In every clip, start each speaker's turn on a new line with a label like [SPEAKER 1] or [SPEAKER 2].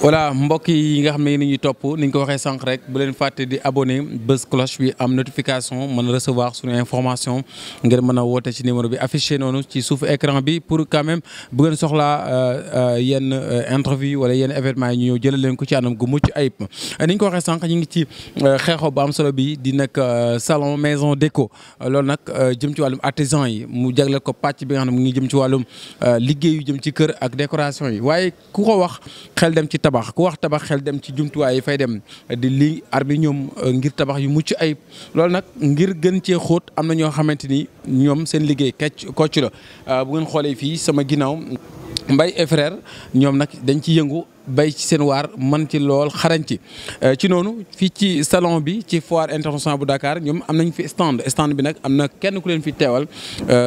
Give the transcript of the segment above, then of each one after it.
[SPEAKER 1] voilà mbokk yi nga xam ne ni topp ni ñu ko waxee rek bu leen fàtte di abonné bés cloche bi am notification mën recevoir suñu information ngeen mën woote ci numéro bi affiché noonu ci suufu écran bi pour quand même bu ngeen soxlaa euh, euh, euh, wala yen événement yi ñu ñëw leen ko ci anam gu mucc ayib ni ñu ko waxee ñu ngi ci xeexoo bu am solo bi di nag salon maison déco lool nag jëm ci wàllum artisan yi mu jagleel ko pàcc bi nga xam mu ngi jëm ci wàllum liggéey yu jëm ci kër ak décoration yi tabax ku wax tabax xel dem ci jumtuwaay yi fay dem di li arbi ñoom euh, ngir tabax yu mucc ay loolu nag ngir gën cee xóot am na ñoo xamante ni ñoom seen liggéey kecc kocc la euh, bu ngeen xoolee fii sama ginnaaw mbay et ñoom nag dañ ci yëngu bay ci seen waar man ci lool xarañ ci euh, ci noonu fii ci salon bi ci foire internationale bu Dakar ñoom am nañ fi stand stand bi nag am na kenn ku leen fi teewal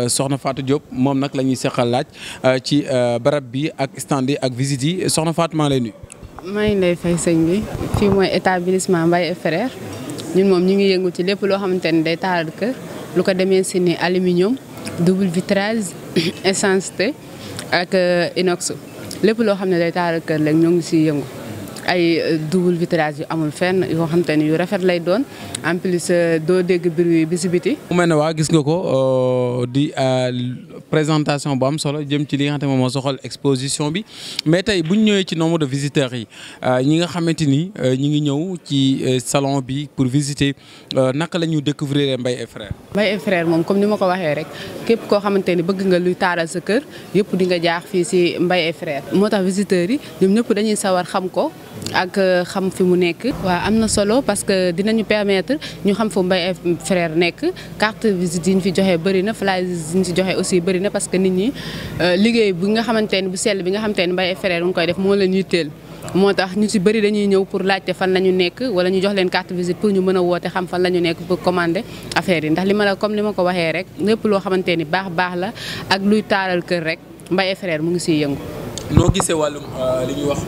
[SPEAKER 1] soxna Fatou Diop moom nag lañuy ñuy seqal laaj ci barab bi ak stand yi ak visite yi soxna Fatou
[SPEAKER 2] maa ngi lay fay sëñ bi fi mooy établissement Mbaye et Frères ñun moom ñu ngi yëngu ci lépp loo xamante ni day taaral kër lu ko demee si ni aluminium double vitrage essence te ak euh, inox lépp loo xam ne day taal kër léegi ñoo ngi siy yëngu. ay euh, double vitrage yu amul fenn yoo xam ni yu rafet lay doon en plus euh, doo dégg bruit bi si biti.
[SPEAKER 1] mu mel ne waa gis nga ko euh, di présentation bu am solo jëm ci li nga xam moom moo soxal exposition bi mais tey bu ñëwee ci nombre de visiteurs yi ñi nga xamante ni ñi ngi ñëw ci salon bi pour visiter naka la ñu découvrir Mbaye et
[SPEAKER 2] Frères. moom comme ni ma ko waxee rek képp koo xamante ni bëgg nga luy taaral sa kër yëpp di nga jaax fii si mbay et moo tax visiteurs yi ñoom ñëpp dañuy sawar xam ko. ak euh, xam fi mu nekk. waaw am na solo parce que dinañu permettre ñu xam fu Mbaye et Frères nekk carte visite yi ñu fi joxe bëri na flyers yi ñu si joxe aussi bëri na parce que nit ñi euh, liggéey bi nga xamante ne bu sell bi nga xamante ne mbay et Frères ngi koy def moo ñuy teel. moo tax ñu ci bëri dañuy ñëw pour laajte fan la ñu nekk wala ñu jox leen carte ñu mën a xam fan la ñu nekk pour commander affaire yi li ma comme li ma ko waxee rek lépp loo xamante ni baax baax la ak luy taaral kër rek Mbaye et mu ngi ciy yëngu.
[SPEAKER 1] noo gisee wàllum euh, li ñuy wax.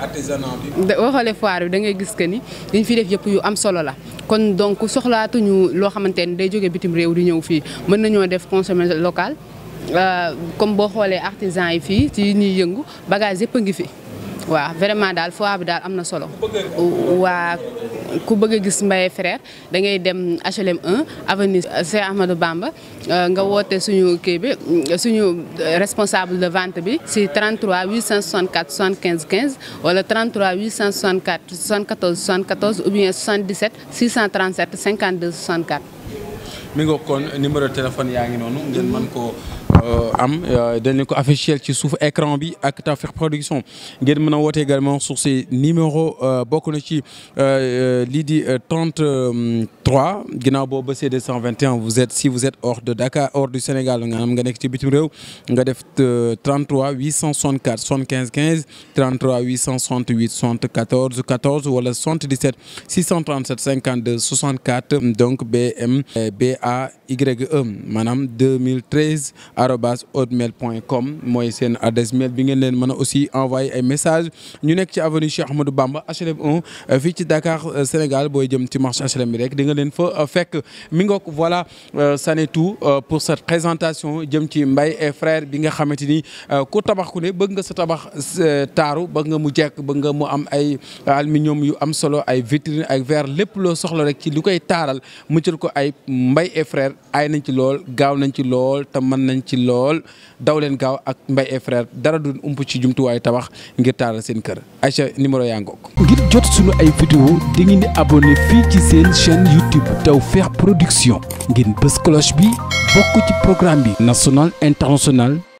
[SPEAKER 1] artisanat bi.
[SPEAKER 2] boo xoolee foire bi da ngay gis que ni dañ fi def yépp yu am solo la kon donc soxlaatuñu loo xamante ni day jóge bitim réew di ñëw fii mën nañoo def consommer local euh, comme boo xoolee artisan yi fii ci ñuy yëngu bagage yëpp a ngi fi. waaw vraiment daal foire bi daal am na solo. waa ku bëgg a gis Mbaye Frère da ngay dem HLM 1 avenue Cheikh Ahmadou Bamba euh, nga woote suñu kii bi suñu responsable de vente bi si 33 864 75 15 wala 33 864 74 74 ou bien 77 637 52 64.
[SPEAKER 1] mi nga kon numéro téléphone yaa ngi noonu ngeen mën koo. Euh, am euh, dañ leen ko affiché ci suuf écran bi ak Tawfekh Production ngeen mën a woote également sur ces numéros euh, bokk na ci lii di 33 ginnaaw boobu ba CD 121 vous êtes si vous êtes hors de Dakar hors du Sénégal nga am nga nekk ci bitim réew nga def 33 864 75 15 33 868 74 14 wala 77 637 52 64 donc BM BA YE maanaam 2013. arobase hotmail point com mooy seen mail bi ngeen leen mën aussi envoyé ay message ñu nekk ci avenue Cheikh Ahmadou Bamba HLM 1 euh, fii ci Dakar euh, Sénégal booy jëm ci marché HLM bi rek di nga leen fa euh, fekk mi ngook voilà ça n'est tout pour cette présentation jëm ci mbay et frère bi nga xamante ni ku tabax ku ne bëgg nga sa tabax taaru bëgg nga mu jekk bëgg nga mu am ay aluminium yu am solo ay vitrine ay verre lépp loo soxla rek ci lu koy taaral mu jël ko ay mbay et frère ay nañ ci lool gaaw lool daw leen gaaw ak Mbaye et dara du ump ci jumtuwaayu tabax ngir taaral seen kër Aïcha numéro yaa ngoog ngir jot sunu ay vidéo di ngeen di abonné fii ci seen chaîne YouTube Tawfekh Production ngeen bës cloche bi bokk ci programme bi national international